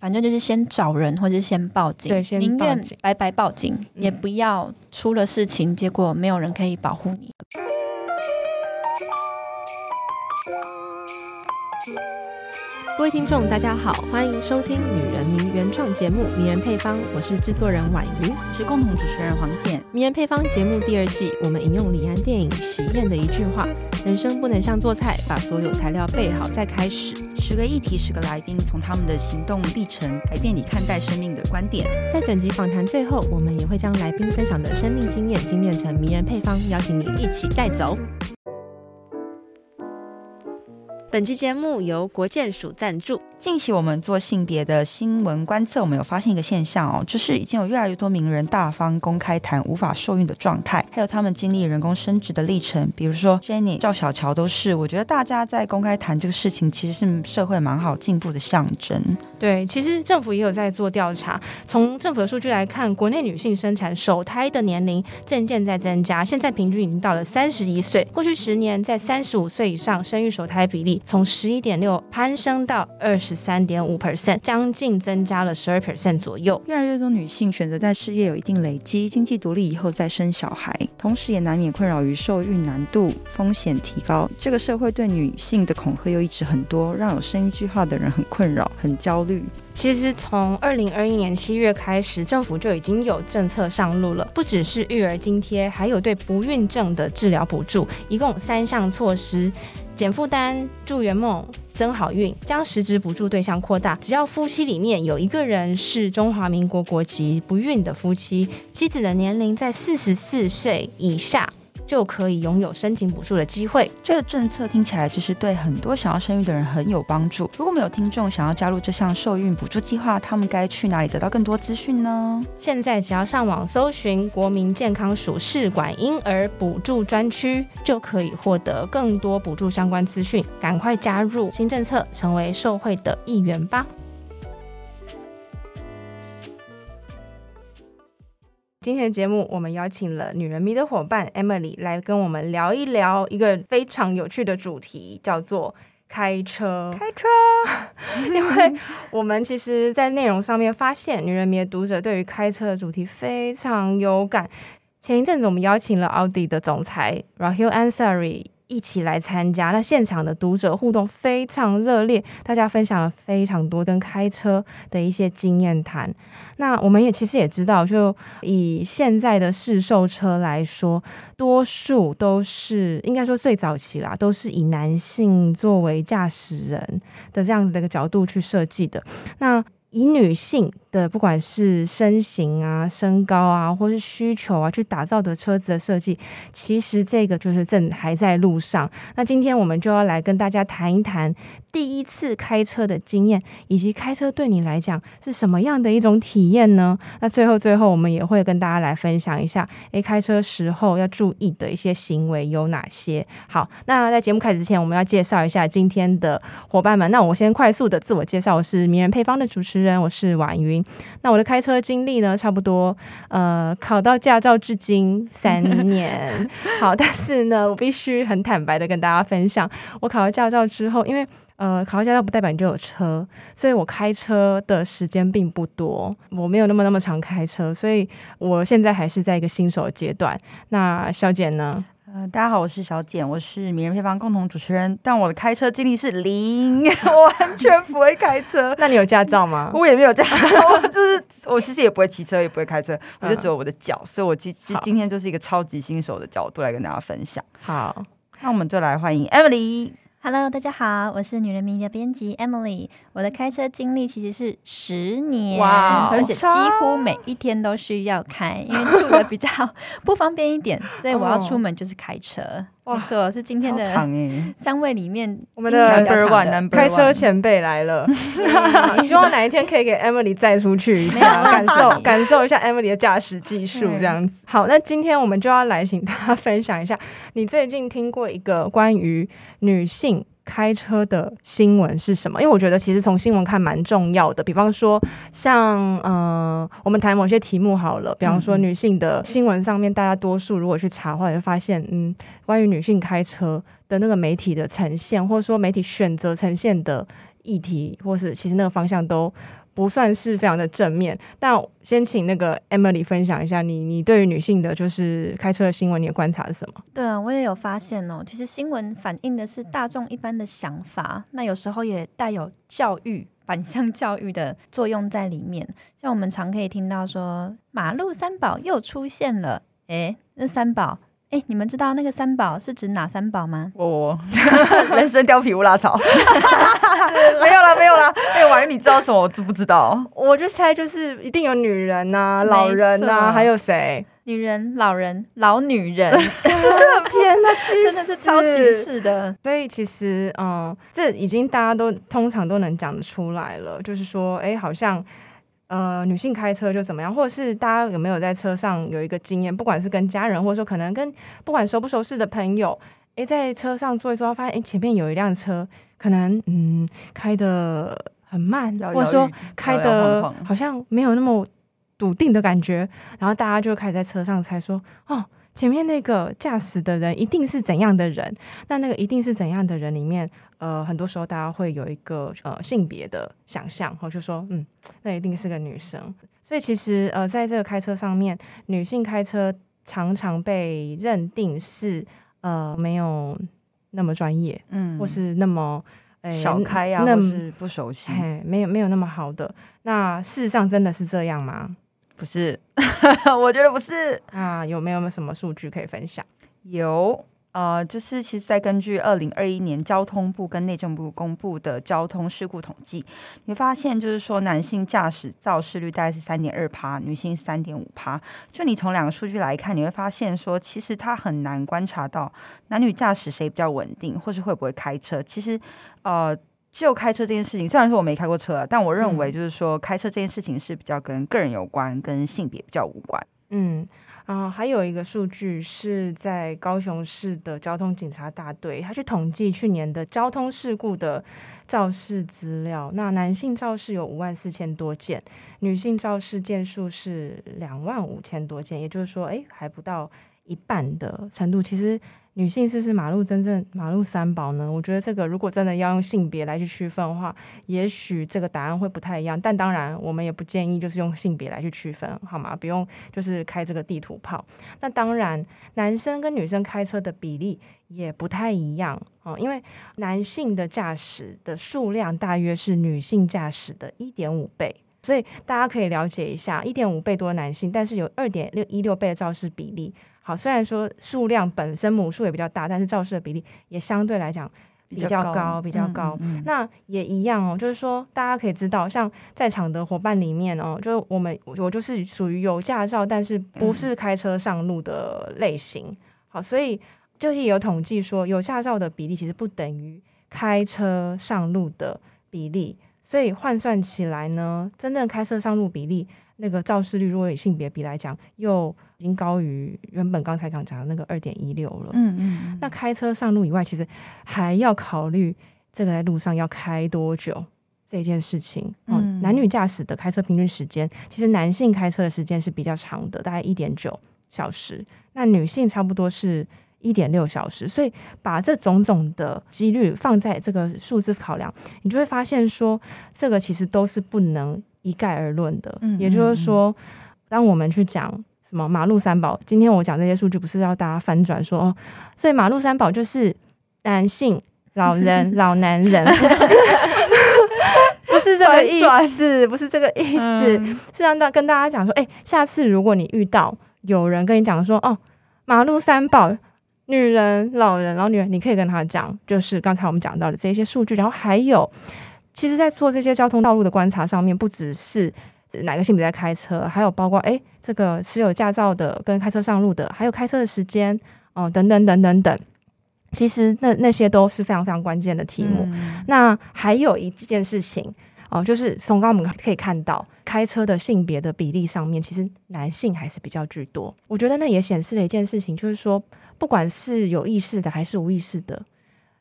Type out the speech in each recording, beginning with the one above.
反正就是先找人，或是先報警，報警寧願白白報警，嗯，也不要出了事情，結果沒有人可以保護你。各位聽眾，大家好，歡迎收聽《女人迷》原創節目《迷人配方》，我是製作人婉瑜，我是共同主持人黃簡。《迷人配方》節目第二季，我們引用李安電影《喜宴》的一句話：“人生不能像做菜，把所有材料備好再開始。”十個議題，十個來賓，從他們的行動歷程，改變你看待生命的觀點。在整集訪談最後，我們也會將來賓分享的生命經驗，精煉成《迷人配方》，邀請你一起帶走。本期節目由國建署贊助。近期我們做性別的新聞觀測，我們有發現一個現象哦，就是已經有越來越多名人大方公開談無法受孕的狀態，還有他們經歷人工生殖的歷程，比如說 Jenny，趙小喬都是。我覺得大家在公開談這個事情，其實是社會蠻好進步的象徵。對，其實政府也有在做調查。從政府的數據來看，國內女性生產首胎的年齡漸漸在增加，現在平均已經到了三十一歲。過去十年，在三十五歲以上生育首胎比例從十一點六攀升到二十。十三點五 percent，將近增加了十二 percent 左右。越來越多女性選擇在事業有一定累積、經濟獨立以後再生小孩，同時也難免困擾於受孕難度、風險提高。這個社會對女性的恐嚇又一直很多，讓有生育計劃的人很困擾、很焦慮。其實從二零二一年七月開始，政府就已經有政策上路了，不只是育兒津貼，還有對不孕症的治療補助，一共三項措施。減負擔、助圓夢、增好孕，將實質補助對象擴大，只要夫妻裡面有一個人是中華民國國籍，不孕的夫妻，妻子的年齡在四十四歲以下。就可以擁有申請補助的機會。這個政策聽起來就是對很多想要生育的人很有幫助。如果沒有聽眾想要加入這項受孕補助計劃，他們該去哪裡得到更多資訊呢？現在只要上網搜尋“國民健康署試管嬰兒補助專區”，就可以獲得更多補助相關資訊。趕快加入新政策，成為受惠的一員吧！今天的節目，我們邀請了《女人迷》的伙伴 Emilie 來跟我們聊一聊一個非常有趣的主題，叫做開車。開車， 因為我們其實，在內容上面發現，《女人迷》的讀者對於開車的主題非常有感。前一陣子，我們邀請了奧迪的總裁 Rahul Ansari 一起來參加，那現場的讀者互動非常熱烈，大家分享了非常多跟開車的一些經驗談。那我們也其實也知道，就以現在的市售車來說，多數都是應該說最早期啦，都是以男性作為駕駛人的這樣子的一個角度去設計的。那以女性，的不管是身形啊、身高啊，或是需求啊，去打造的車子的設計，其實這個就是正還在路上。那今天我們就要來跟大家談一談第一次開車的經驗，以及開車對你來講是什麼樣的一種體驗呢？那最後最後我們也會跟大家來分享一下，哎、欸，開車時候要注意的一些行為有哪些？好，那在節目開始之前，我們要介紹一下今天的伙伴們。那我先快速的自我介紹，我是迷人配方的主持人，我是婉雲。那我的開車經歷呢？差不多，呃，考到駕照至今三年。 好，但是呢，我必須很坦白的跟大家分享，我考到駕照之後，因為呃，考到駕照不代表你就有車，所以我開車的時間並不多，我沒有那麼那麼常開車，所以我現在還是在一個新手階段。那小姐呢？嗯、呃，大家好，我是小簡，我是迷人配方共同主持人，但我的開車經歷是零， 我完全不會開車。 那你有駕照嗎？我也沒有駕照， 我就是我其實也不會騎車，也不會開車，我就只有我的腳，嗯、所以我其實今天就是一個超級新手的角度來跟大家分享。好，那我們就來歡迎 Emilie。Hello，大家好，我是女人迷的編輯 Emilie。我的開車經歷其實是十年，哇，Wow, 而且幾乎每一天都需要開，差因為住的比較不方便一點， 所以我要出門就是開車。Oh. 哇，這是今天的三位裡面比較比較，我們的 Number One 開車前輩來了， 希望哪一天可以給 Emilie 再出去一下， 感受 感受一下 Emilie 的駕駛技術這樣子。 好，那今天我們就要來請他分享一下，你最近聽過一個關於女性。開車的新聞是什麼？因為我覺得其實從新聞看蠻重要的。比方說像，像呃，我們談某些題目好了。比方說，女性的新聞上面，大家多數如果去查的話，會發現嗯，關於女性開車的那個媒體的呈現，或者說媒體選擇呈現的議題，或是其實那個方向都。不算是非常的正面，那先請那個 Emilie 分享一下你，你你對於女性的就是開車的新聞，你的觀察是什麼？對啊，我也有發現哦，其實新聞反映的是大眾一般的想法，那有時候也帶有教育反向教育的作用在裡面。像我們常可以聽到說，馬路三寶又出現了，誒，那三寶。哎、欸，你們知道那個三寶是指哪三寶嗎？我，oh, oh. 人參貂皮烏，烏拉草。沒有啦，沒有啦。那網友你知道什麼？我知不知道？我就猜，就是一定有女人吶，啊，錯老人吶，啊，還有誰？女人、老人、老女人， 就是很偏的， 真的是超歧視的。所以其實，嗯、呃，這已經大家都通常都能講得出來了，就是說，哎，好像。呃，女性開車就怎麼樣？或者是大家有沒有在車上有一個經驗，不管是跟家人，或者說可能跟不管熟不熟識的朋友，誒、欸，在車上坐一坐，發現誒、欸，前面有一輛車，可能嗯開得很慢，腰腰或者說開得好像沒有那麼篤定的感覺，然後大家就開始在車上猜說哦。前面那個駕駛的人一定是怎樣的人？那那個一定是怎樣的人？裡面呃，很多時候大家會有一個呃性別的想象，然後就是、說嗯，那一定是個女生。所以其實呃，在這個開車上面，女性開車常常被認定是呃沒有那麼專業，嗯，或是那麼少、哎、開呀、啊，那麼不熟悉，沒有沒有那麼好的。那事實上真的是這樣嗎？不是， 我覺得不是啊。有沒有什麼數據可以分享？有，呃，就是其實，在根據二零二一年交通部跟內政部公布的交通事故統計，你會發現，就是說男性駕駛肇事率大概是三點二趴，女性三點五趴。就你從兩個數據來看，你會發現說，其實他很難觀察到男女駕駛誰比較穩定，或是會不會開車。其實，呃。就開車這件事情，雖然說我沒開過車，但我認為就是說，開車這件事情是比較跟個人有關，跟性別比較無關。嗯，啊、呃，還有一個數據是在高雄市的交通警察大隊，他去統計去年的交通事故的肇事資料。那男性肇事有五萬四千多件，女性肇事件數是兩萬五千多件，也就是說，哎，還不到一半的程度。其實。女性是不是馬路真正馬路三寶呢？我覺得這個如果真的要用性別來去區分的話，也許這個答案會不太一樣。但當然，我們也不建議就是用性別來去區分，好嗎？不用就是開這個地圖炮。那當然，男生跟女生開車的比例也不太一樣哦，因為男性的駕駛的數量大約是女性駕駛的1.5倍。所以大家可以了解一下，一點五倍多的男性，但是有二點六一六倍的肇事比例。好，雖然說數量本身母數也比較大，但是肇事的比例也相對來講比較高，比較高。那也一樣哦，就是說大家可以知道，像在場的夥伴裡面哦，就是我們我就是屬於有駕照，但是不是開車上路的類型。嗯、好，所以就是有統計說，有駕照的比例其實不等於開車上路的比例。所以換算起來呢，真正開車上路比例，那個肇事率，如果以性別比來講，又已經高於原本剛才講講的那個二點一六了。嗯嗯。嗯，那開車上路以外，其實還要考慮這個在路上要開多久這件事情。嗯。男女駕駛的開車平均時間，其實男性開車的時間是比較長的，大概一點九小時。那女性差不多是一點六小時，所以把這種種的幾率放在這個數字考量，你就會發現說，這個其實都是不能一概而論的。嗯嗯嗯，也就是說，當我們去講什麼馬路三寶，今天我講這些數據，不是要大家翻轉說哦，所以馬路三寶就是男性、老人、 老男人，不是 不是這個意思，翻轉，不是這個意思，嗯、是讓大跟大家講說，哎，下次如果你遇到有人跟你講說哦，馬路三寶。女人、老人、老女人，你可以跟他講，就是剛才我們講到的這些數據，然後還有，其實，在做這些交通道路的觀察上面，不只是哪個性別在開車，還有包括哎，這個持有駕照的跟開車上路的，還有開車的時間，哦、呃，等等等等，等等，其實那那些都是非常非常關鍵的題目。嗯、那還有一件事情哦、呃，就是從剛剛我們可以看到，開車的性別的比例上面，其實男性還是比較居多。我覺得那也顯示了一件事情，就是說。不管是有意識的還是無意識的，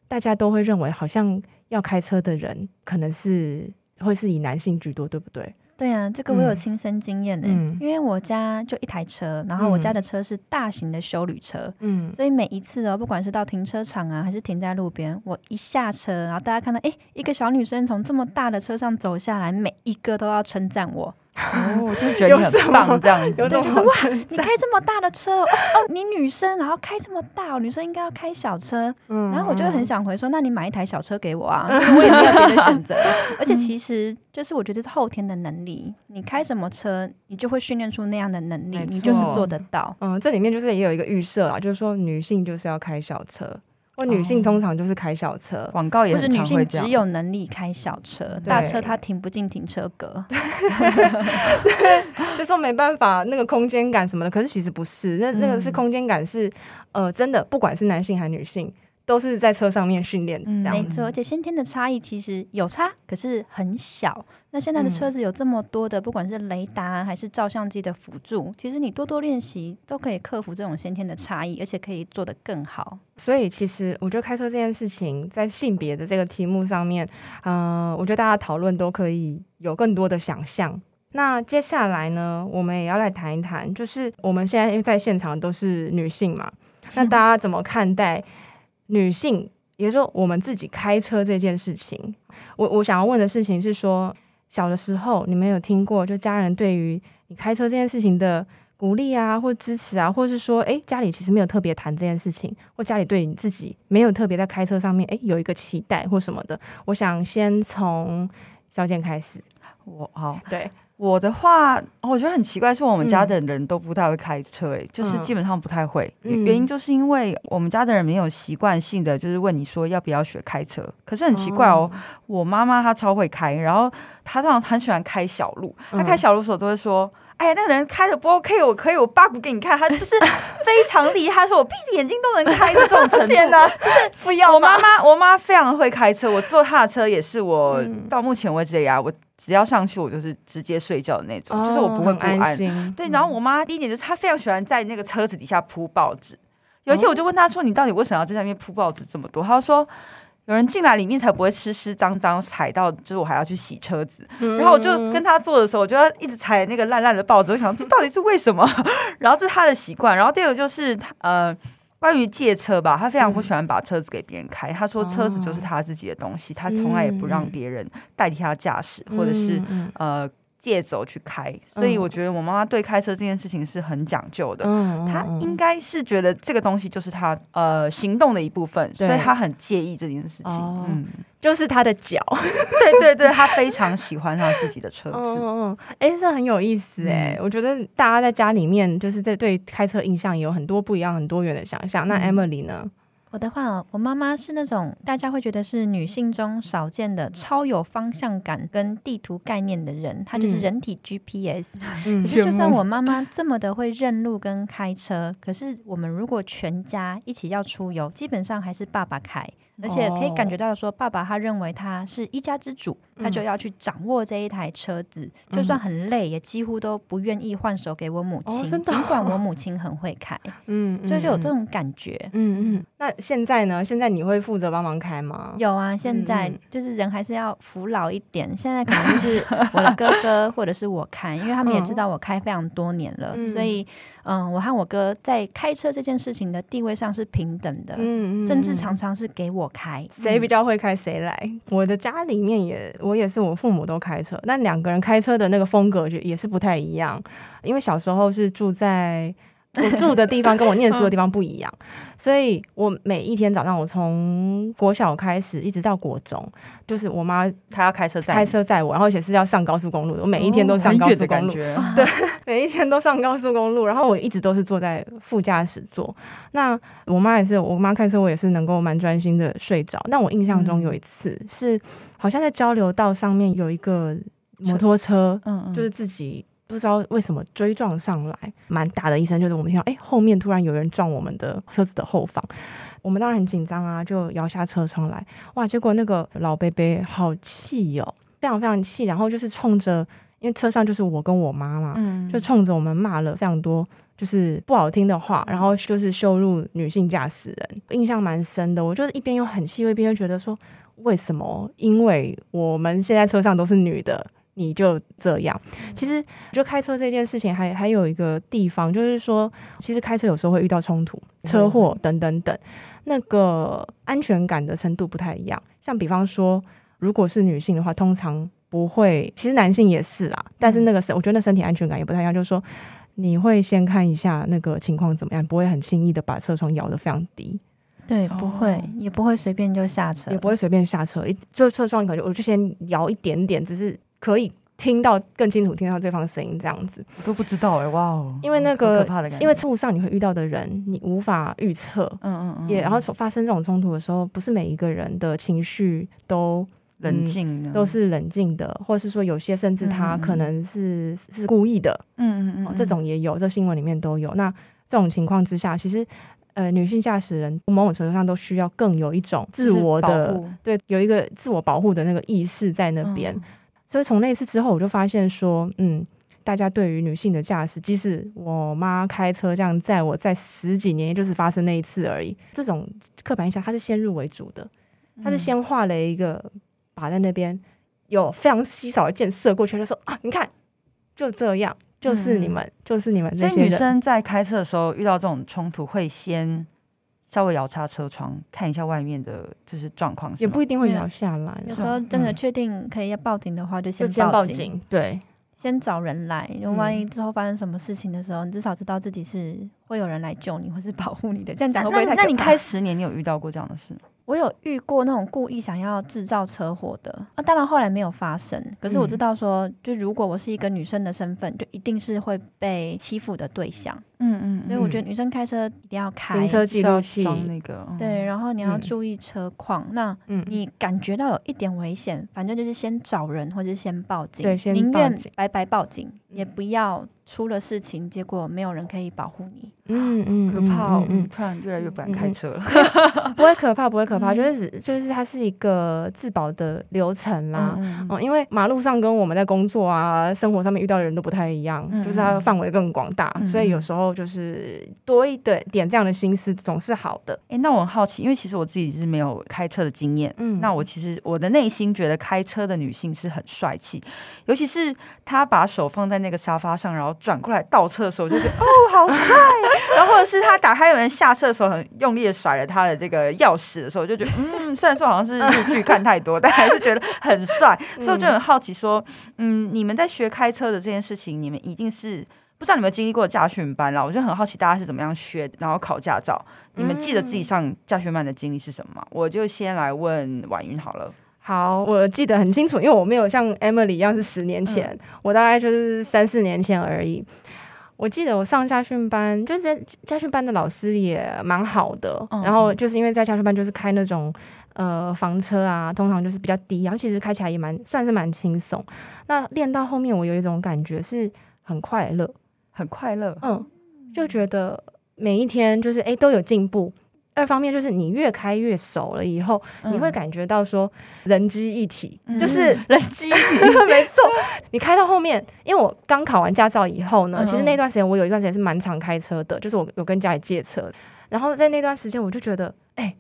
大家都會認為好像要開車的人可能是會是以男性居多，對不對？對啊，這個我有親身經驗的、欸，嗯、因為我家就一台車，然後我家的車是大型的休旅車，嗯，所以每一次哦，不管是到停車場啊，還是停在路邊，我一下車，然後大家看到哎，一個小女生從這麼大的車上走下來，每一個都要稱讚我。 哦，我就是覺得你很棒這樣子，有有對，就是哇，你開這麼大的車 哦、啊，你女生然後開這麼大，女生應該要開小車，嗯，然後我就很想回說，嗯、那你買一台小車給我啊，嗯、我也沒有別的選擇， 而且其實就是我覺得這是後天的能力，你開什麼車，你就會訓練出那樣的能力，錯你就是做得到，嗯，這裡面就是也有一個預設啊，就是說女性就是要開小車。女性通常就是開小車，廣告也是女性只有能力開小車，小車對大車她停不進停車格， 就說沒辦法那個空間感什麼的。可是其實不是，那那個是空間感是，嗯、呃，真的，不管是男性還女性。都是在車上面訓練，這樣、嗯、沒錯。而且先天的差異其實有差，可是很小。那現在的車子有這麼多的，嗯、不管是雷達還是照相機的輔助，其實你多多練習都可以克服這種先天的差異，而且可以做得更好。所以，其實我覺得開車這件事情，在性別的這個題目上面，嗯、呃，我覺得大家討論都可以有更多的想象。那接下來呢，我們也要來談一談，就是我們現在因為在現場都是女性嘛，那大家怎麼看待？女性，也就是說，我們自己開車這件事情，我我想要問的事情是說，小的時候你們有聽過就家人對於你開車這件事情的鼓勵啊，或支持啊，或是說，誒家裡其實沒有特別談這件事情，或家裡對你自己沒有特別在開車上面誒有一個期待或什麼的。我想先從小健開始，我好對。我的話，我覺得很奇怪，是我們家的人都不太會開車、欸，誒、嗯，就是基本上不太會。嗯、原因就是因為我們家的人沒有習慣性的就是問你說要不要學開車。可是很奇怪哦，嗯、我媽媽她超會開，然後她通常很喜歡開小路，她開小路的時候都會說：“嗯、哎，那個人開的不 OK，我可以我八股給你看。”她就是非常厲害， 說我閉着眼睛都能開這種程度。呢 天哪，就是不要我媽媽，我媽非常會開車，我坐她的車也是我、嗯、到目前為止的呀，我。只要上去，我就是直接睡覺的那種，哦、就是我不會不安。安心對，然後我媽第一點就是她非常喜歡在那個車子底下鋪報紙。嗯、有一天我就問她說：“你到底為什麼要在上面鋪報紙這麼多？”她說：“有人進來裡面才不會濕濕髒髒，踩到就是我還要去洗車子。嗯”然後我就跟她坐的時候，我就要一直踩那個爛爛的報紙，我想這到底是為什麼？嗯、然後這是她的習慣。然後第二個就是她嗯。呃關於借車吧，他非常不喜歡把車子給別人開。嗯、他說車子就是他自己的東西，哦、他從來也不讓別人代替他駕駛，嗯、或者是、嗯、呃。借走去開，所以我覺得我媽媽對開車這件事情是很講究的。嗯嗯、她應該是覺得這個東西就是她呃行動的一部分，對所以她很介意這件事情。嗯，就是她的腳。 對對對，她非常喜歡她自己的車子。嗯哎、欸，這很有意思哎、欸，我覺得大家在家裡面就是這對開車印象也有很多不一樣、很多元的想象。那 Emilie 呢？我的話，我媽媽是那種大家會覺得是女性中少見的超有方向感跟地圖概念的人，她就是人體 GPS。嗯，可是就算我媽媽這麼的會認路跟開車， 可是我們如果全家一起要出遊，基本上還是爸爸開，而且可以感覺到說，爸爸他認為他是一家之主。他就要去掌握這一台車子，嗯、就算很累，也幾乎都不願意換手給我母親。盡、哦、真的哦、管我母親很會開，嗯，嗯，所以就是有這種感覺，嗯嗯。那現在呢？現在你會負責幫忙開嗎？有啊，現在就是人還是要服老一點。嗯嗯、現在可能就是我的哥哥或者是我開， 因為他們也知道我開非常多年了，嗯、所以，嗯，我和我哥在開車這件事情的地位上是平等的，嗯嗯，嗯甚至常常是給我開，誰、嗯、比較會開誰來。我的家裡面也。我也是，我父母都開車，那兩個人開車的那個風格就也是不太一樣。因為小時候是住在我住的地方跟我念書的地方不一樣， 所以我每一天早上，我從國小開始一直到國中，就是我媽她要開車開車載我，然後也是要上高速公路的。我每一天都上高速公路，對，每一天都上高速公路。然後我一直都是坐在副駕駛座。那我媽也是，我媽開車我也是能夠蠻專心的睡着。那我印象中有一次是。好像在交流道上面有一個摩托車，車嗯，嗯就是自己不知道為什麼追撞上來，蠻大的一聲，就是我們聽到欸，後面突然有人撞我們的車子的後方，我們當然很緊張啊，就搖下車窗來，哇，結果那個老伯伯好氣哦，非常非常氣，然後就是衝着，因為車上就是我跟我媽媽，嗯，就衝着我們罵了非常多就是不好聽的話，然後就是羞辱女性駕駛人，印象蠻深的。我就是一邊又很氣，一邊又覺得說。為什麼？因為我們現在車上都是女的，你就這樣。其實，就開車這件事情還，還還有一個地方，就是說，其實開車有時候會遇到衝突、車禍等等等，那個安全感的程度不太一樣。像比方說，如果是女性的話，通常不會，其實男性也是啦，但是那個我覺得那身體安全感也不太一樣，就是說，你會先看一下那個情況怎麼樣，不會很輕易的把車窗搖得非常低。對，不會，哦、也不會隨便就下車，也不會隨便下車，就車窗一開，我就先搖一點點，只是可以聽到更清楚，聽到對方的聲音這樣子。我都不知道哎、欸，哇哦！因為那個，哦、因為車上你會遇到的人，你無法預測。嗯嗯嗯。也，然後所發生這種衝突的時候，不是每一個人的情緒都冷靜，嗯、都是冷靜的，或者是說有些甚至他可能是嗯嗯是故意的。嗯，嗯嗯嗯。這種也有，在新聞裡面都有。那這種情況之下，其實。呃，女性駕駛人某種程度上都需要更有一種自我的對，有一個自我保護的那個意識在那邊。嗯、所以從那一次之後，我就發現說，嗯，大家對於女性的駕駛，即使我媽開車這樣，載我，在十幾年就是發生那一次而已。嗯、這種刻板印象，它是先入為主的，它是先畫了一個靶在那邊，有非常稀少的箭射過去，就說啊，你看，就這樣。就是你們，嗯、就是你們那。所以女生在開車的時候遇到這種衝突，會先稍微搖下車窗看一下外面的就是狀況，是，也不一定會搖下來。嗯、是有時候真的確定可以要報警的話就警，就先報警。對，先找人來，因為萬一之後發生什麼事情的時候，嗯、你至少知道自己是會有人來救你，或是保護你的。這樣講會不會太、啊、那，那你開十年，你有遇到過這樣的事嗎？我有遇過那種故意想要製造車禍的，啊，當然後來沒有發生。可是我知道說，說就如果我是一個女生的身份，就一定是會被欺負的對象。嗯嗯，所以我覺得女生開車一定要開行車紀錄器，對，然後你要注意車況。那你感覺到有一點危險，反正就是先找人或者先報警。對，寧願白白報警，也不要出了事情，結果沒有人可以保護你。嗯嗯，可怕，嗯，突然越來越不敢開車了。不會可怕，不會可怕，就是就是它是一個自保的流程啦。嗯，因為馬路上跟我們在工作啊、生活上面遇到的人都不太一樣，就是它的範圍更廣大，所以有時候。就是多一點點這樣的心思總是好的。哎、欸，那我很好奇，因為其實我自己是沒有開車的經驗。嗯，那我其實我的內心覺得開車的女性是很帥氣，尤其是她把手放在那個沙發上，然後轉過來倒車的時候，就覺得 哦好帥。 然後或者是她打開門下車的時候，很用力的甩了她的這個鑰匙的時候，就覺得嗯，雖然說好像是日劇看太多， 但還是覺得很帥。嗯、所以我就很好奇說，嗯，你們在學開車的這件事情，你們一定是。不知道你們經歷過駕訓班啦？我就很好奇大家是怎麼樣學，然後考駕照。你們記得自己上駕訓班的經歷是什麼嗎？嗯、我就先來問婉雲好了。好,我記得很清楚，因為我沒有像 Emilie 一樣是十年前，嗯、我大概就是三四年前而已。我記得我上駕訓班，就是在駕訓班的老師也蠻好的。嗯、然後就是因為在駕訓班就是開那種呃房車啊，通常就是比較低，然後其實開起來也蠻算是蠻輕鬆。那練到後面，我有一種感覺是很快樂。很快樂，嗯，就覺得每一天就是誒、欸、都有進步。二方面就是你越開越熟了以後，嗯、你會感覺到說人機一體，嗯、就是人機一體， 沒錯。你開到後面，因為我剛考完駕照以後呢，嗯、其實那段時間我有一段時間是蠻常開車的，就是我有跟家裡借車，然後在那段時間我就覺得哎。欸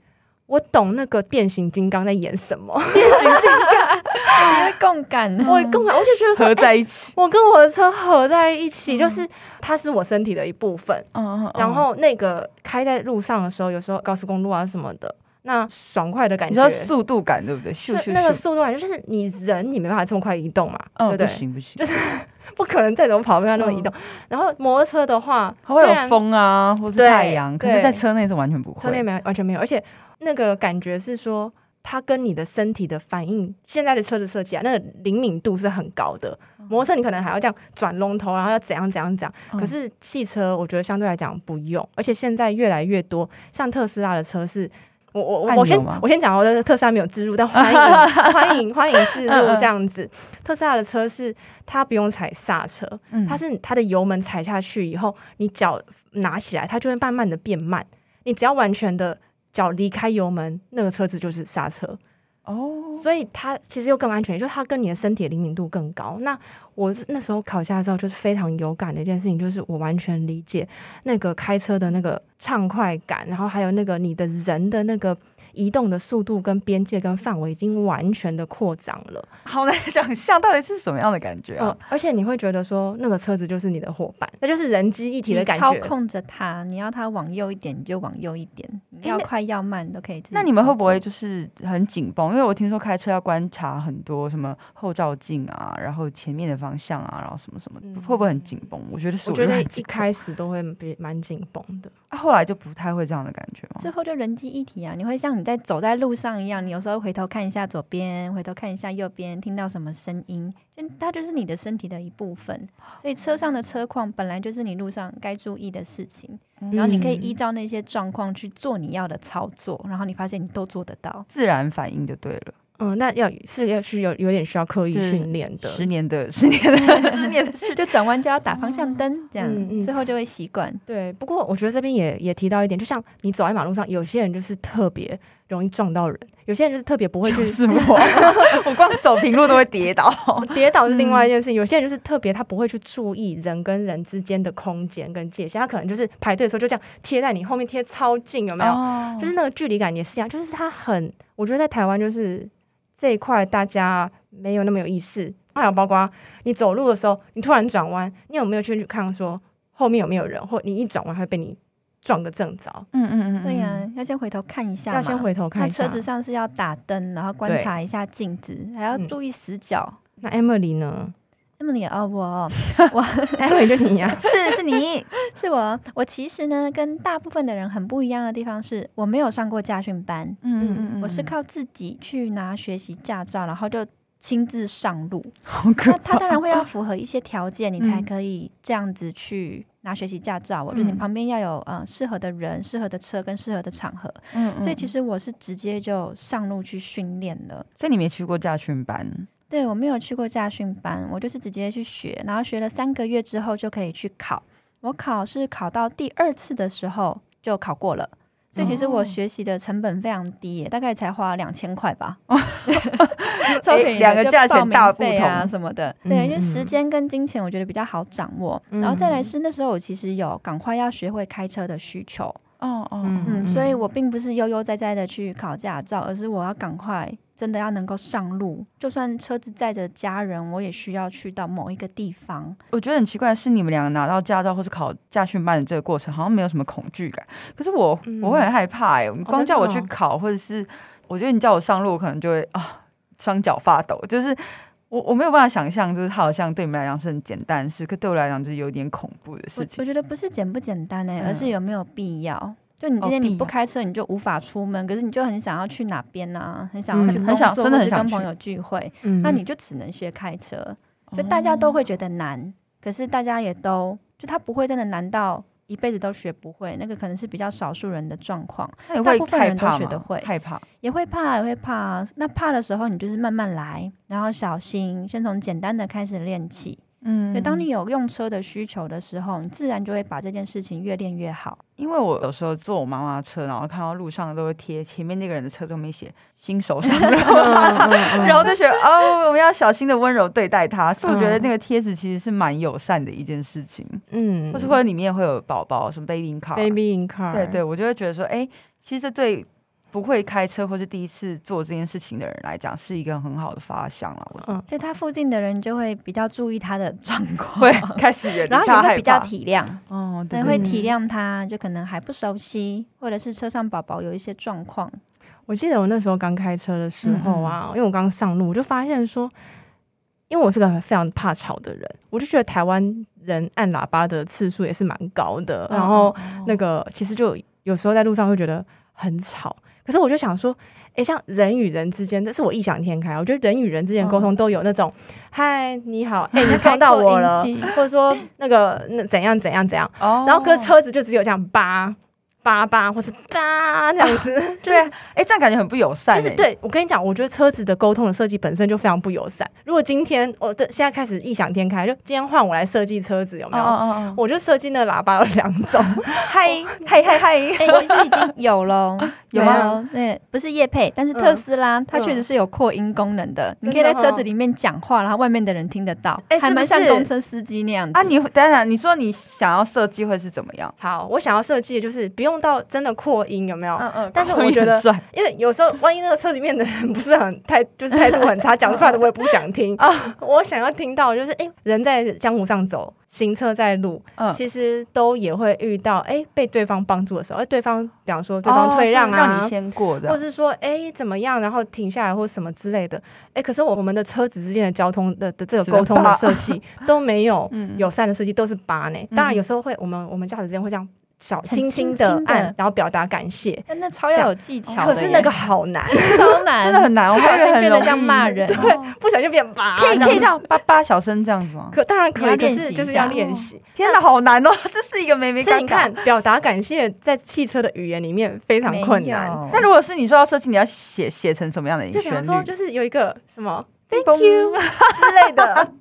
我懂那個變形金剛在演什麼，變形金剛， 你會共感呢，我共感，我就覺得說合在一起、欸，我跟我的車合在一起，嗯、就是它是我身體的一部分，嗯、然後那個開在路上的時候，有時候高速公路啊什麼的，那爽快的感覺，你知道速度感對不對？那個速度感就是你人你沒辦法這麼快移動嘛，哦、對不對？就是。不行不行 不可能，再怎麼跑，不要那麼移動。嗯、然後摩托車的話，它會有風啊，然或是太陽，對可是，在車內是完全不會。車內沒有，完全沒有。而且那個感覺是說，它跟你的身體的反應，現在的車子設計啊，那個靈敏度是很高的。摩托車你可能還要這樣轉龍頭，然後要怎樣怎樣怎樣。嗯、可是汽車，我覺得相對來講不用。而且現在越來越多，像特斯拉的車是。我我我先我先講，我的特斯拉沒有置入，但歡迎 歡迎歡迎置入這樣子。 嗯嗯，特斯拉的車是，它不用踩剎車，它是它的油門踩下去以後，你腳拿起來，它就會慢慢的變慢。你只要完全的腳離開油門，那個車子就是剎車。哦，oh. 所以它其實又更安全，就是它跟你的身體的靈敏度更高。那我那時候考駕的時候就是非常有感的一件事情，就是我完全理解那個開車的那個暢快感，然後還有那個你的人的那個。移動的速度跟邊界跟範圍已經完全的擴張了，好難想象到底是什麼樣的感覺、啊、哦，而且你會覺得說，那個車子就是你的伙伴，那就是人機一體的感覺，操控着它，你要它往右一點你就往右一點，欸、要快要慢那都可以。那你們會不會就是很緊繃？因為我聽說開車要觀察很多什麼後照鏡啊，然後前面的方向啊，然後什麼什麼，會不會很緊繃？我覺得是，我覺得一開始都會比蠻緊繃的，繃的啊，後來就不太會這樣的感覺嗎？最後就人機一體啊，你會像你在在走在路上一樣，你有時候回頭看一下左邊，回頭看一下右邊，聽到什麼聲音，就它就是你的身體的一部分。所以車上的車況本來就是你路上該注意的事情，然後你可以依照那些狀況去做你要的操作，然後你發現你都做得到，自然反應就對了。嗯，那要是要是有有點需要刻意訓練的,的，十年的十年的十年的， 就轉彎就要打方向燈，嗯、這樣、嗯嗯、最後就會習慣。對，不過我覺得這邊也也提到一點，就像你走在馬路上，有些人就是特別容易撞到人，有些人就是特別不會去，是我， 我光走平路都會跌倒， 跌倒是另外一件事情。有些人就是特別他不會去注意人跟人之間的空間跟界限，他可能就是排隊的時候就這樣貼在你後面貼超近，有沒有？哦、就是那個距離感也是這樣，就是他很，我覺得在台灣就是。這一塊大家沒有那麼有意識，還有包括你走路的時候，你突然轉彎，你有沒有去看說後面有沒有人？或你一轉彎，會被你撞個正着。嗯嗯嗯，對呀，啊，要先回頭看一下，要先回頭看一下。那車子上是要打燈，然後觀察一下鏡子，對還要注意死角。嗯，那 Emilie 呢？那麼你哦，我我，哎，就你呀？是，是你，是我。我其實呢，跟大部分的人很不一樣的地方是，我沒有上過駕訓班。嗯嗯，嗯，我是靠自己去拿學習駕照，然後就親自上路。好可怕。那他當然會要符合一些條件，嗯、你才可以這樣子去拿學習駕照。我覺得你旁邊要有呃適合的人、適合的車跟適合的場合。嗯。嗯，所以其實我是直接就上路去訓練了。所以你沒去過駕訓班。對，我沒有去過駕訓班，我就是直接去學，然後學了三個月之後就可以去考。我考試考到第二次的時候就考過了，所以其實我學習的成本非常低，oh. 大概才花兩千塊吧。哎 的，兩個價錢大不同什麼的，對，因為時間跟金錢我覺得比較好掌握。Mm hmm. 然後再來是那時候我其實有趕快要學會開車的需求，哦哦，嗯，所以我並不是悠悠哉哉的去考駕照，而是我要趕快。真的要能夠上路，就算車子載着家人，我也需要去到某一個地方。我覺得很奇怪的是，你們兩個拿到駕照或是考駕訓班的這個過程，好像沒有什麼恐懼感。可是我，我會很害怕耶、欸。你、嗯、光叫我去考，或者是我覺得你叫我上路，可能就會啊，哦，雙腳發抖。就是我我沒有辦法想象，就是他好像對你們來講是很簡單的事，可對我來講就是有點恐怖的事情。我，我覺得不是簡不簡單呢、欸，嗯、而是有沒有必要。就你今天你不開車你就無法出門，oh, 可是你就很想要去哪邊呢、啊？很想要去工作，或是跟朋友聚會，嗯嗯，那你就只能學開車。就大家都會覺得難，oh. 可是大家也都就他不會真的難到一輩子都學不會，那個可能是比較少數人的狀況，會大部分人都學得會。害怕也會怕，也會怕。那怕的時候，你就是慢慢來，然後小心，先從簡單的開始練起。嗯，所以當你有用車的需求的時候，你自然就會把這件事情越練越好。因為我有時候坐我媽媽車，然後看到路上都會貼前面那個人的車都沒寫“新手上路”， 然後就覺得 哦，我們要小心的溫柔對待他。所以我覺得那個貼紙其實是蠻友善的一件事情。嗯，或是或者裡面會有寶寶什麼 “baby in car”，“baby in car”，對對，我就會覺得說，哎，其實這對不會開車或是第一次做這件事情的人來講，是一個很好的發想。了。我知道、嗯、對他附近的人就會比較注意他的狀況，開始然後也會比較體諒哦，對，會體諒他，就可能還不熟悉，嗯、或者是車上寶寶有一些狀況。我記得我那時候剛開車的時候啊，嗯、哼因為我剛上路，我就發現說，因為我是個非常怕吵的人，我就覺得台灣人按喇叭的次數也是蠻高的，嗯、然後那個其實就有時候在路上會覺得很吵。可是我就想說，哎、欸，像人與人之間，這是我異想天開。我覺得人與人之間溝通都有那種“嗨，oh. 你好，哎、欸，你撞到我了”， 或者說那個那怎樣怎樣怎樣，oh. 然後跟車子就只有這樣叭。叭叭，或是叭那樣子，對，哎，這樣感覺很不友善。但是對我跟你講，我覺得車子的溝通的設計本身就非常不友善。如果今天我的現在開始異想天開，就今天換我來設計車子，有沒有？我就設計那喇叭有兩種，嗨嗨嗨嗨，其實已經有嘍，有啊，對，不是業配，但是特斯拉它確實是有擴音功能的，你可以在車子裡面講話，然後外面的人聽得到，哎，還蠻像公車司機那樣子啊？你當然，你說你想要設計會是怎麼樣？好，我想要設計的就是不用。到真的擴音有沒有？嗯嗯、但是我覺得，因為有時候萬一那個車裡面的人不是很太，就是態度很差，講 出來的我也不想聽、 uh, 我想要聽到就是，誒、欸，人在江湖上走，行車在路，嗯、其實都也會遇到，誒、欸，被對方幫助的時候，誒、欸，對方，比方說對方退讓啊，哦、讓你先過的，或者是說，誒、欸，怎麼樣，然後停下來或什麼之類的，誒、欸，可是我我們的車子之間的交通的的這個溝通的設計得 都沒有友善的設計，都是八呢。嗯、當然有時候會，我們我們駕駛之間會這樣。小輕輕的按，然後表達感謝。那超要有技巧，可是那個好難，超難，真的很難。不小心變得像罵人，對，不小心變罵。可以可以這樣，叭叭小聲這樣子嗎？可當然可以，可是就是要練習。天哪，好難哦，這是一個美沒幹。所以你看，表達感謝在汽車的語言裡面非常困難。那如果是你說要設計，你要寫寫成什麼樣的？就比如說，就是有一個什麼 thank you 之類的。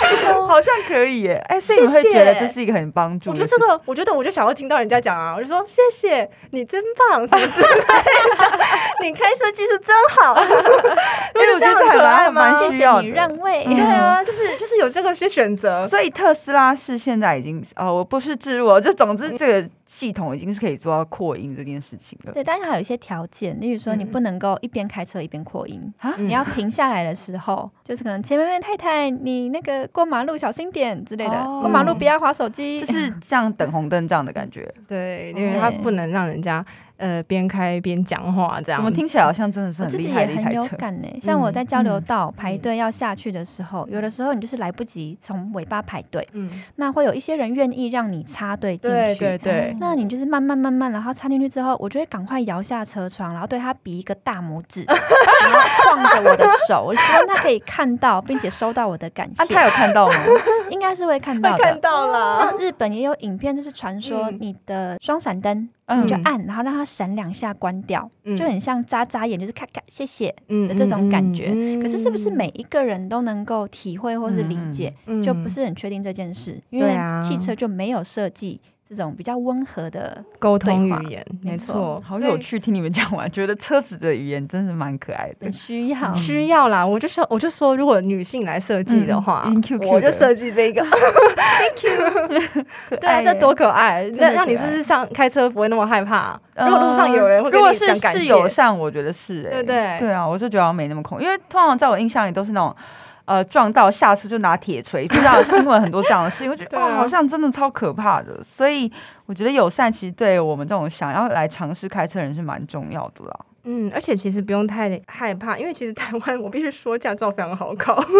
Hello, 好像可以耶，哎謝、欸，所以你會覺得這是一個很幫助的。我覺得這個，我覺得我就想要聽到人家講啊，我就說謝謝你，真棒，什麼之類的。 你開車技術真好， 因為我覺得這很可愛嗎？謝謝你讓位。 對啊，就是就是有這個些選擇。 所以特斯拉是現在已經哦，我不是置入，就總之這個。嗯系統已經是可以做到擴音這件事情了。對，但是還有一些條件，例如說你不能夠一邊開車一邊擴音、嗯、你要停下來的時候，就是可能前面太太，你那個過馬路小心點之類的，哦、過馬路不要滑手機，就是像等紅燈這樣的感覺。對，因為它不能讓人家。呃，邊開邊講話這樣，我們聽起來好像真的是很厲害，很有感呢。像我在交流道排隊要下去的時候，有的時候你就是來不及從尾巴排隊，嗯，那會有一些人願意讓你插隊進去，對對對，那你就是慢慢慢慢，然後插進去之後，我就會趕快搖下車窗，然後對他比一個大拇指，然後晃着我的手，希望他可以看到並且收到我的感謝。他有看到嗎？應該是會看到的，看到了。像日本也有影片，就是傳說你的雙閃燈，你、嗯、就按，然後讓它閃兩下關掉，嗯、就很像眨眨眼，就是咔咔，謝謝的這種感覺。嗯嗯嗯嗯、可是是不是每一個人都能夠體會或是理解，嗯嗯、就不是很確定這件事，因為汽車就沒有設計。這種比較溫和的溝通語言，沒錯，好有趣。聽你們講完，覺得車子的語言真是蠻可愛的。很需要需要啦，我就說，我就說，如果女性來設計的話，我就設計這個。Thank you，對啊，這多可愛！這讓你真是上開車不會那麼害怕。如果路上有人，如果是是友善，我覺得是，對對對啊，我就覺得沒那麼恐，因為通常在我印象裡都是那種。呃，撞到下車就拿鐵錘，這樣的新聞很多這樣的事情， 我覺得哦，好像真的超可怕的。所以我覺得友善其實對我們這種想要來嘗試開車人是蠻重要的啦。嗯，而且其實不用太害怕，因為其實台灣我必須說駕照非常好考， 現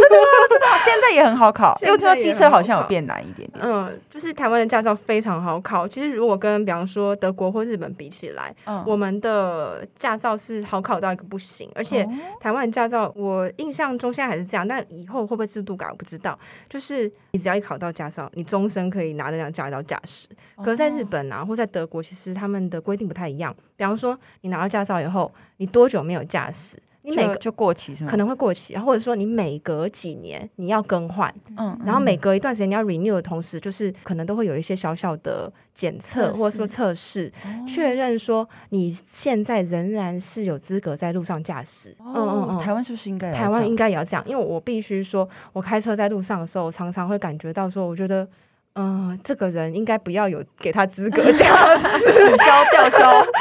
在也很好考。因為說機車好像有變難一點點。嗯，就是台灣的駕照非常好考。其實如果跟比方說德國或日本比起來，嗯、我們的駕照是好考到一個不行。而且台灣的駕照我印象中現在還是這樣，但以後會不會制度改我不知道。就是你只要一考到駕照，你終身可以拿這樣駕照駕駛。可是在日本啊，或在德國，其實他們的規定不太一樣。比方說，你拿到駕照以後，你多久沒有駕駛？你每個就，就過期是嗎？可能會過期，然後或者說你每隔幾年你要更換，嗯，然後每隔一段時間你要 renew 的同時，就是可能都會有一些小小的檢測或者說測試，測試確認說你現在仍然是有資格在路上駕駛。哦、嗯，嗯嗯，台灣是不是應該要？台灣應該也要這樣，因為我必須說，我開車在路上的時候，我常常會感覺到說，我覺得，嗯、呃，這個人應該不要有給他資格駕駛，取 消、吊銷。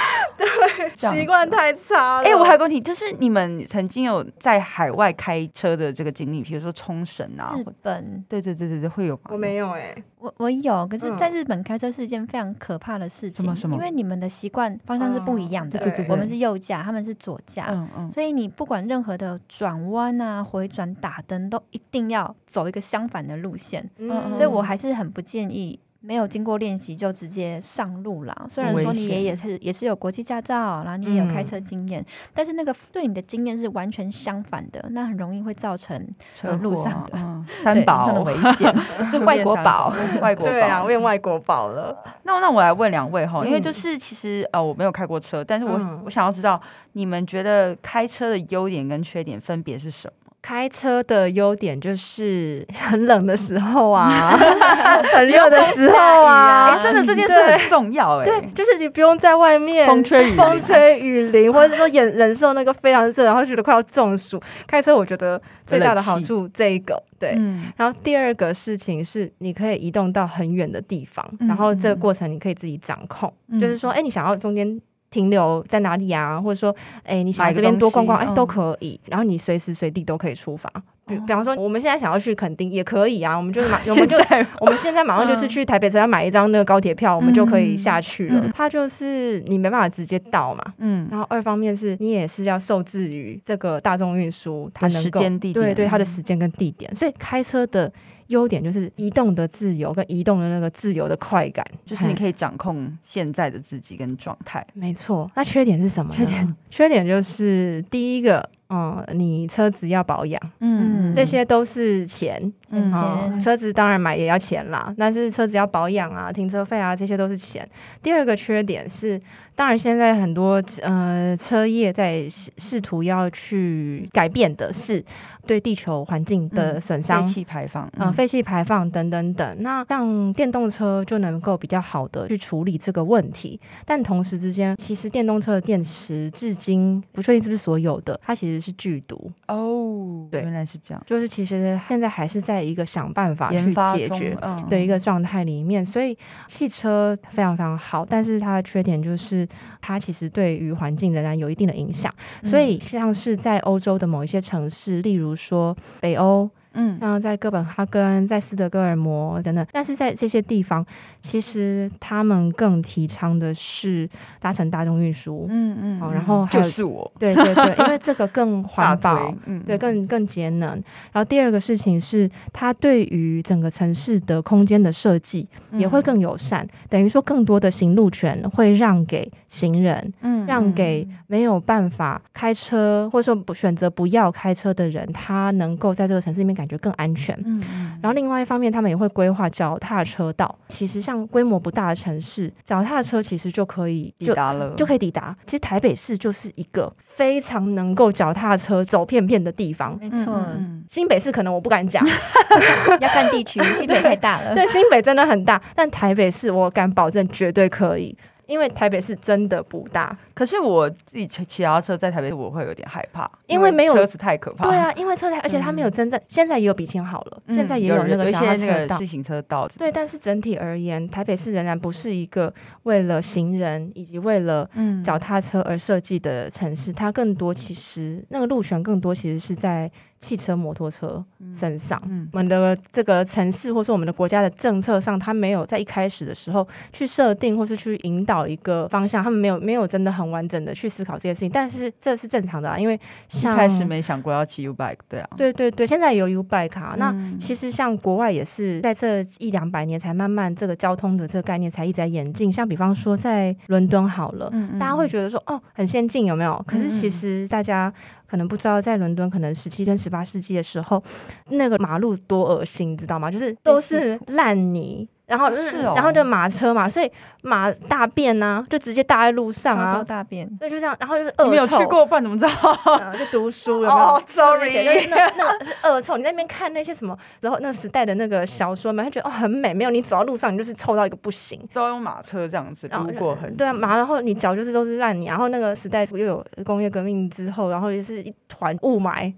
習慣太差了。哎、欸，我還有個問題就是你們曾經有在海外開車的這個經歷，比如說沖繩啊、日本，對對對對對，會有嗎？我沒有哎、欸，我我有，可是在日本開車是一件非常可怕的事情，什麼什麼？因為你們的習慣方向是不一樣的，對對對對，我們是右駕，他們是左駕，嗯嗯，所以你不管任何的轉彎啊、回轉、打燈，都一定要走一個相反的路線，嗯嗯，所以我還是很不建議。沒有經過練習就直接上路了，雖然說你也也是，險也是有國際駕照，然後你也有開車經驗。嗯、但是那個對你的經驗是完全相反的，那很容易會造成路上的三寶，很危險。 外國寶，外國寶對啊，變外國寶了。那那我來問兩位哈，因為就是其實呃我沒有開過車，但是我、嗯、我想要知道你們覺得開車的優點跟缺點分別是什麼？開車的優點就是很冷的時候啊， 很熱的時候啊，啊欸、真的這件事很重要哎、欸。對，就是你不用在外面風吹雨風吹雨淋，雨淋 或者說忍忍受那個非常熱，然後覺得快要中暑。開車我覺得最大的好處這一個氣對，然後第二個事情是你可以移動到很遠的地方，嗯、然後這個過程你可以自己掌控，嗯、就是說哎、欸、你想要中間。停留在哪裡啊？或者說，哎，你想來這邊多逛逛，哎，都可以。然後你隨時隨地都可以出發。比比方說，我們現在想要去墾丁也可以啊。我們就馬，我們就我們現在馬上就是去台北車站買一張那個高鐵票，我們就可以下去了。它就是你沒辦法直接到嘛。嗯。然後二方面是你也是要受制於這個大眾運輸它的時間地點，對對，它的時間跟地點，所以開車的。優點就是移動的自由跟移動的那個自由的快感，就是你可以掌控現在的自己跟狀態。嗯，沒錯。那缺點是什麼呢？缺點就是第一個。嗯，你車子要保養，嗯，這些都是錢。嗯，哦、嗯，車子當然買也要錢啦，但是車子要保養啊，停車費啊，這些都是錢。第二個缺點是，當然現在很多呃車業在試試圖要去改變的是對地球環境的損傷，廢氣、嗯、排放，嗯，廢氣、嗯、排放等等等。那像電動車就能夠比較好的去處理這個問題，但同時之間，其實電動車的電池至今不確定是不是所有的，它其實。是劇毒哦，對，oh, 原來是這樣，就是其實現在還是在一個想辦法去解決的一個狀態裡面，所以汽車非常非常好，但是它的缺點就是它其實對於環境仍然有一定的影響，所以像是在歐洲的某一些城市，例如說北歐。嗯，然後在哥本哈根，在斯德哥爾摩等等，但是在這些地方，其實他們更提倡的是搭乘大眾運輸，嗯嗯，然後還有就是我，對對對，因為這個更環保，嗯、對，更更節能。然後第二個事情是，他對於整個城市的空間的設計也會更友善，嗯、等於說更多的行路權會讓給行人，嗯嗯、讓給沒有辦法開車或者說不選擇不要開車的人，他能夠在這個城市裡面感覺得更安全，嗯，然後另外一方面，他們也會規劃腳踏車道。其實像規模不大的城市，腳踏車其實就可以就抵達了，就可以抵達。其實台北市就是一個非常能夠腳踏車走遍遍的地方。沒錯，新北市可能我不敢講， 要看地區。新北太大了 對，對，新北真的很大，但台北市我敢保證絕對可以。因為台北是真的不大，可是我自己騎其他車在台北，我會有點害怕，因為沒有，因為車子太可怕。對啊，因為車太，而且它沒有真正，嗯、現在也有比以前好了，嗯、現在也有那個腳踏車道、自行車道。對，但是整體而言，台北市仍然不是一個為了行人以及為了腳踏車而設計的城市，嗯、它更多其實那個路權更多其實是在。汽車、摩托車身上，嗯嗯、我們的這個城市，或是我們的國家的政策上，他沒有在一開始的時候去設定或是去引導一個方向，他們沒有沒有真的很完整的去思考這件事情。但是這是正常的、啊，因為像一開始沒想過要騎 U bike，對啊，對對對，現在有 U bike 啊。嗯、那其實像國外也是在這一兩百年才慢慢這個交通的這個概念才一直在演進。像比方說在倫敦好了，嗯嗯大家會覺得說哦很先進有沒有？可是其實大家。嗯嗯可能不知道，在倫敦可能十七跟十八世紀的時候，那個馬路多噁心，你知道嗎？就是都是爛泥。然後、哦、然後就馬車嘛，所以馬大便呢、啊，就直接搭在路上啊，大便，所以就這樣，然後就是惡臭。沒有去過半，怎麼知道？就讀書然 沒哦、oh,，sorry，就、那個、是惡臭。你在那邊看那些什麼？然後那時代的那個小說嘛，他覺得哦很美。沒有，你走到路上，你就是臭到一個不行。都要用馬車這樣子路過，很、哦、對啊。馬，然後你腳就是都是爛泥。然後那個時代又有工業革命之後，然後也是一團霧霾，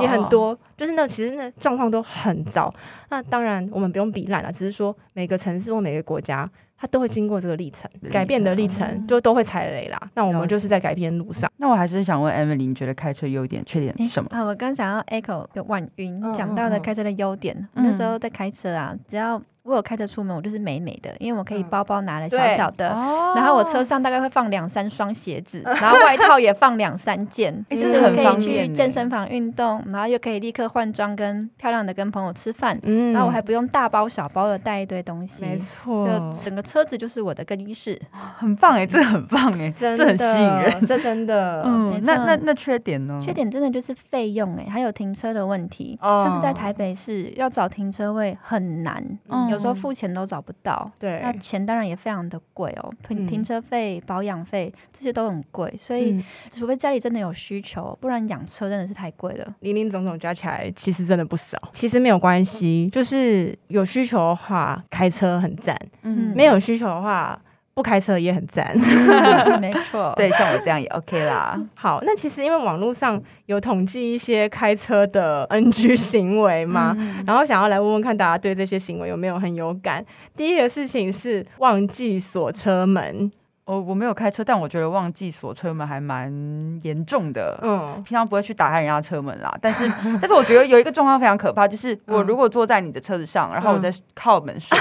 也很多，哦哦哦就是那其實那狀況都很糟。那當然，我們不用比爛了，只是說每個城市或每個國家，它都會經過這個歷程，程改變的歷程就都會踩雷啦。嗯、那我們就是在改變路上。嗯、那我還是想問 Emilie，你覺得開車優點缺點是什麼？欸、啊，我剛想要 echo 的萬雲講、哦、到的開車的優點，哦哦、那時候在開車啊，嗯、只要。我有開車出門，我就是美美的，因為我可以包包拿來小小的，然後我車上大概會放兩三雙鞋子，然後外套也放兩三件，就是可以去健身房運動，然後又可以立刻換裝跟漂亮的跟朋友吃飯，然後我還不用大包小包的帶一堆東西。沒錯，就整個車子就是我的更衣室，很棒哎。這很棒哎，真的很吸引人，這真的，嗯，那那那缺點呢？缺點真的就是費用哎，還有停車的問題，就是在台北市要找停車位很難。嗯、有時候付錢都找不到，對，那錢當然也非常的貴哦、喔，停車費、嗯、保養費這些都很貴，所以、嗯、除非家裡真的有需求，不然養車真的是太貴了，林林總總加起來其實真的不少。其實沒有關係，嗯、就是有需求的話開車很贊，嗯哼，沒有需求的話，不開車也很贊， 沒錯 錯。 對，像我這樣也 OK 啦。好，那其實因為網絡上有統計一些開車的 NG 行為嘛，嗯、然後想要來問問看大家對這些行為有沒有很有感。第一個事情是忘記鎖車門。我我沒有開車，但我覺得忘記鎖車門還蠻嚴重的。嗯，平常不會去打開人家車門啦，但是，但是我覺得有一個狀況非常可怕，就是我如果坐在你的車子上，然後我在靠門睡，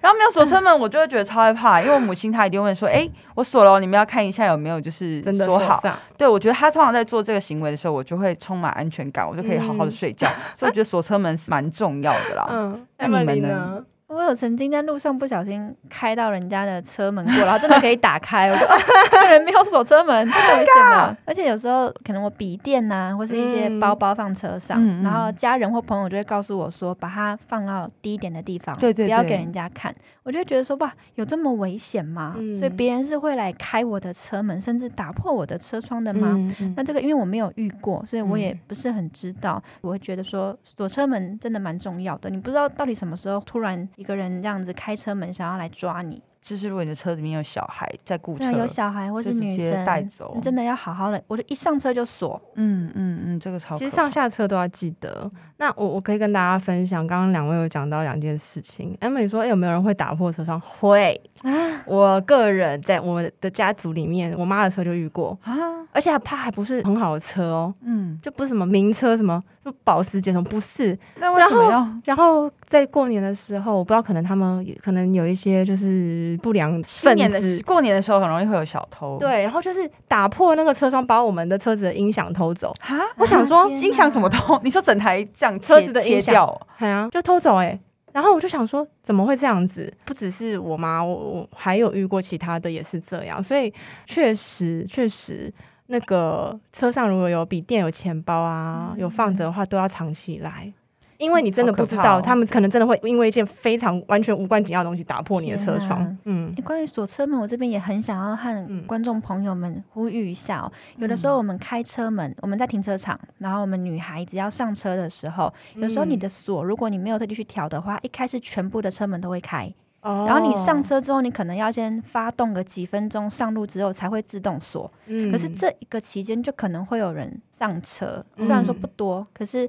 然後沒有鎖車門，我就會覺得超害怕。因為我母親她一定會說：“哎，我鎖了，你們要看一下有沒有就是鎖好？”對，我覺得她通常在做這個行為的時候，我就會充滿安全感，我就可以好好的睡覺。所以我覺得鎖車門是蠻重要的啦。嗯，那你們呢？我有曾經在路上不小心開到人家的車門過，然後真的可以打開， 人沒有鎖車門，太危險了。而且有時候可能我筆電吶、啊，或是一些包包放車上，嗯、然後家人或朋友就會告訴我說，把它放到低一點的地方，對對對，不要給人家看。我就會覺得說，哇，有這麼危險嗎？嗯、所以別人是會來開我的車門，甚至打破我的車窗的嗎？嗯嗯，那這個因為我沒有遇過，所以我也不是很知道。嗯、我會覺得說，鎖車門真的蠻重要的，你不知道到底什麼時候突然。一個人這樣子開車門，想要來抓你，就是如果你的車裡面有小孩在故車，有小孩或是直接帶走，你真的要好好的。我就一上車就鎖，嗯嗯嗯，這個超。其實上下車都要記得。嗯、那我我可以跟大家分享，剛剛兩位有講到兩件事情。Emilie 說誒，有沒有人會打破車窗？會啊，我個人在我的家族裡面，我媽的車就遇過啊，而且她還，還不是很好的車哦，嗯，就不是什麼名車，什麼就保時捷什麼，不是。那為什麼要？然後。然後在過年的時候，我不知道，可能他們也可能有一些就是不良分子，新年的。過年的時候很容易會有小偷，對，然後就是打破那個車窗，把我們的車子的音響偷走。哈蛤，我想說音響，啊、怎麼偷？你說整台講車子的音響？對掉啊，就偷走哎、欸。然後我就想說，怎麼會這樣子？不只是我媽，我我還有遇過其他的也是這樣。所以確實確實，那個車上如果有筆電、有錢包啊，嗯、有放着的話，都要藏起來。因為你真的不知道，他們可能真的會因為一件非常完全無關緊要的東西打破你的車窗。天哪 嗯，關於鎖車門，我這邊也很想要和觀眾朋友們呼籲一下哦。嗯、有的時候我們開車門，我們在停車場，然後我們女孩子要上車的時候，有時候你的鎖，如果你沒有特地去調的話，一開始全部的車門都會開。哦、然後你上車之後，你可能要先發動個幾分鐘，上路之後才會自動鎖。可是這一個期間就可能會有人上車，雖然說不多，可是。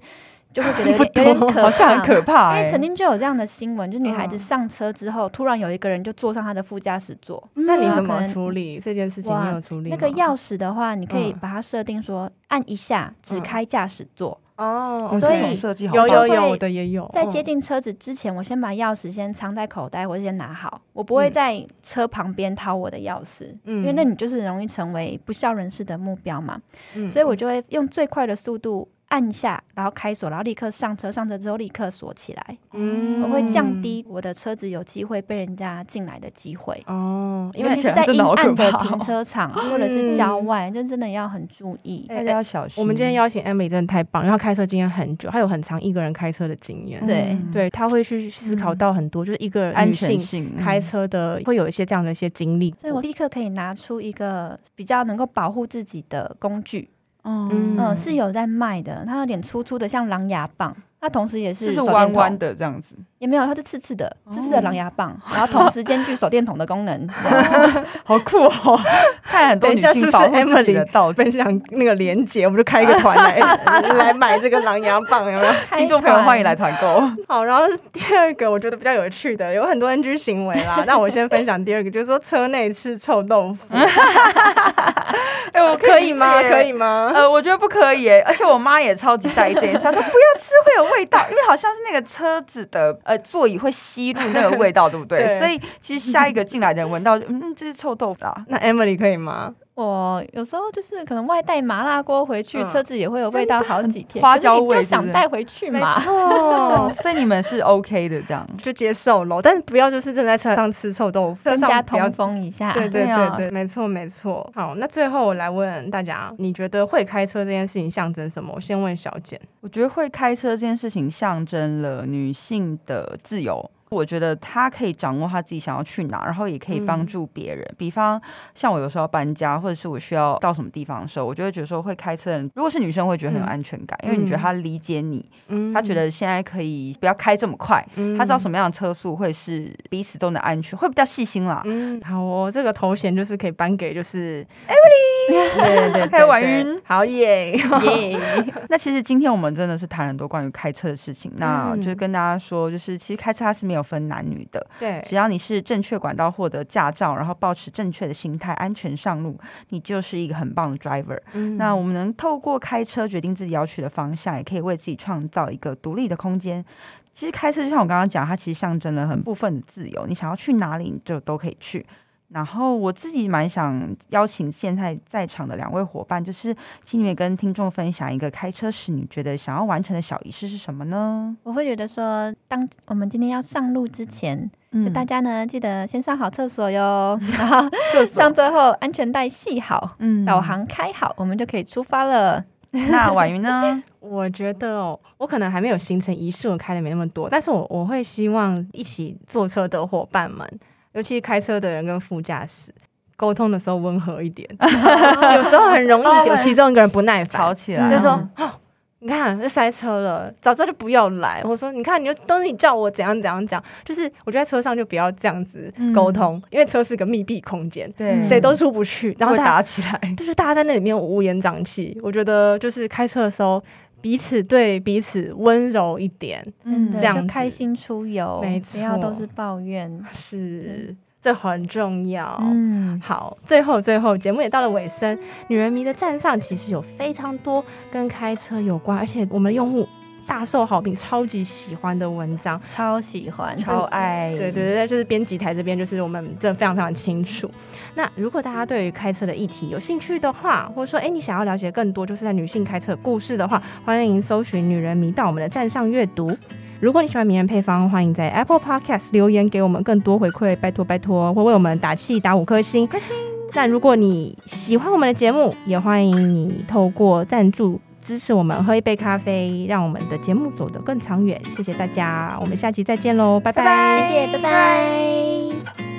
就會覺得有點好像很可怕，因為曾經就有這樣的新聞，就女孩子上車之後，突然有一個人就坐上她的副駕駛座。那你怎麼處理這件事情？沒有處理嗎？那個鑰匙的話，你可以把它設定說按一下只開駕駛座哦。所以有有有的也有。在接近車子之前，我先把鑰匙先藏在口袋，或者先拿好。我不會在車旁邊掏我的鑰匙，因為那你就是容易成為不肖人士的目標嘛。所以我就會用最快的速度，按下，然後開鎖，然後立刻上車。上車之後立刻鎖起來，嗯、我會降低我的車子有機會被人家進來的機會。哦，尤其是在陰暗的停車場或者是郊外，嗯、就真的要很注意，哎哎、要小心。我們今天邀請 Emilie 真的太棒，然後開車經驗很久，她有很長一個人開車的經驗。對對，她、嗯、會去思考到很多，嗯、就是一個安全性開車的、嗯、會有一些這樣的一些經歷，所以我立刻可以拿出一個比較能夠保護自己的工具。Oh, 嗯嗯，是有在賣的，它有點粗粗的，像狼牙棒。它同時也是彎彎的這樣子，也沒有，它是刺刺的，刺刺的狼牙棒，然後同時兼具手電筒的功能，好酷哦！還有很多女性保護自己的道具，分享那個鏈接，我們就開一個團來來買這個狼牙棒，有沒有？聽眾朋友歡迎來團購。好，然後第二個我覺得比較有趣的，有很多 NG 行為啦，那我先分享第二個，就是說車內吃臭豆腐。哎，我可以嗎？可以嗎？呃，我覺得不可以欸，而且我媽也超級在意這件事，她說不要吃，會有。味道，因為好像是那個車子的呃座椅會吸入那個味道， 對不對？所以其實下一個進來的人聞到， 嗯，這是臭豆腐啊。那 Emilie 可以嗎？我有時候就是可能外帶麻辣鍋回去，嗯、車子也會有味道好幾天，的花椒味，就想帶回去嘛， 所以你們是 OK 的這樣，就接受咯，但是不要就是正在車上吃臭豆腐，增加通風一下。對對，對對對，對啊，沒錯沒錯。好，那最後我來問大家，你覺得會開車這件事情象徵什麼？我先問小簡。我覺得會開車這件事情象徵了女性的自由。我覺得他可以掌握他自己想要去哪兒，然後也可以幫助別人。嗯、比方像我有時候要搬家，或者是我需要到什麼地方的時候，我就會覺得說會開車的人，如果是女生會覺得很有安全感，嗯、因為你覺得他理解你，嗯、他覺得現在可以不要開這麼快，嗯、他知道什麼樣的車速會是彼此都能安全，會比較細心啦。嗯、好哦，這個頭銜就是可以頒給就是 Emilie 對對對，還有婉雲，好耶耶。 Yeah. 那其實今天我們真的是談很多關於開車的事情，那就跟大家說，就是其實開車它是沒有。分男女的，對，只要你是正確管道獲得駕照，然後保持正確的心態，安全上路，你就是一個很棒的 driver。嗯、那我們能透過開車決定自己要去的方向，也可以為自己創造一個獨立的空間。其實開車就像我剛剛講，它其實象徵了很部分的自由，你想要去哪裡，你就都可以去。然後我自己蠻想邀請現在在場的兩位夥伴，就是請你們跟聽眾分享一個開車時你覺得想要完成的小儀式是什麼呢？我會覺得說，當我們今天要上路之前，就大家呢記得先上好廁所喲，嗯、然後所上最後安全帶繫好，嗯，導航開好，我們就可以出發了。那婉瑜呢？ 我覺得、哦、我可能還沒有形成儀式，我開的沒那麼多，但是我我會希望一起坐車的夥伴們。尤其開車的人跟副駕駛溝通的時候溫和一點， 有時候很容易有其中一個人不耐煩 吵起來，就說：“哦，你看又塞車了，早知道就不要來。”我說：“你看，你就都是你叫我怎樣怎樣講，就是我覺得車上就不要這樣子溝通，嗯、因為車是個密閉空間，對誰、嗯、都出不去，然後打起來，就是大家在那裡面烏煙瘴氣。我覺得就是開車的時候。”彼此對彼此溫柔一點，嗯、這樣開心出遊，沒錯，不要都是抱怨，是、嗯、這很重要。嗯、好，最後最後節目也到了尾聲，嗯、女人迷的站上其實有非常多跟開車有關，而且我們的用戶。大受好評，超級喜歡的文章，超喜歡，超愛。嗯、對對對，就是編輯台這邊，就是我們真的非常非常清楚。那如果大家對於開車的議題有興趣的話，或者說哎、欸，你想要了解更多，就是在女性開車故事的話，歡迎搜尋“女人迷”到我們的站上閱讀。如果你喜歡迷人配方，歡迎在 Apple Podcast 留言給我們更多回饋，拜托拜托，會為我們打氣打五顆星。但心如果你喜歡我們的節目，也歡迎你透過贊助。支持我們喝一杯咖啡，讓我們的節目走得更長遠。謝謝大家，我們下期再見嘍，拜拜，拜拜，謝謝，拜拜。